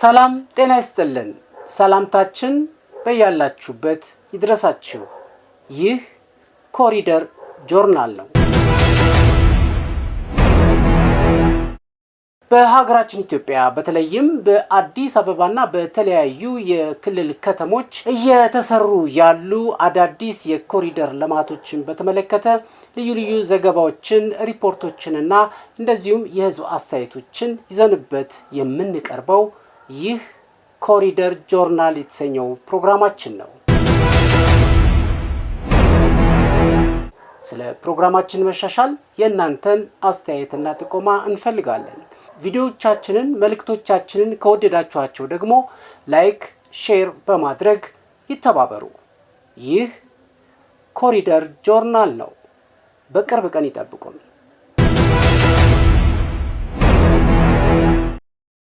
ሰላም ጤና ይስጥልን። ሰላምታችን በያላችሁበት ይድረሳችሁ። ይህ ኮሪደር ጆርናል ነው። በሀገራችን ኢትዮጵያ በተለይም በአዲስ አበባና በተለያዩ የክልል ከተሞች እየተሰሩ ያሉ አዳዲስ የኮሪደር ልማቶችን በተመለከተ ልዩ ልዩ ዘገባዎችን፣ ሪፖርቶችንና እንደዚሁም የሕዝብ አስተያየቶችን ይዘንበት የምንቀርበው ይህ ኮሪደር ጆርናል የተሰኘው ፕሮግራማችን ነው። ስለ ፕሮግራማችን መሻሻል የእናንተን አስተያየትና ጥቆማ እንፈልጋለን። ቪዲዮዎቻችንን፣ መልእክቶቻችንን ከወደዳችኋቸው ደግሞ ላይክ፣ ሼር በማድረግ ይተባበሩ። ይህ ኮሪደር ጆርናል ነው። በቅርብ ቀን ይጠብቁን።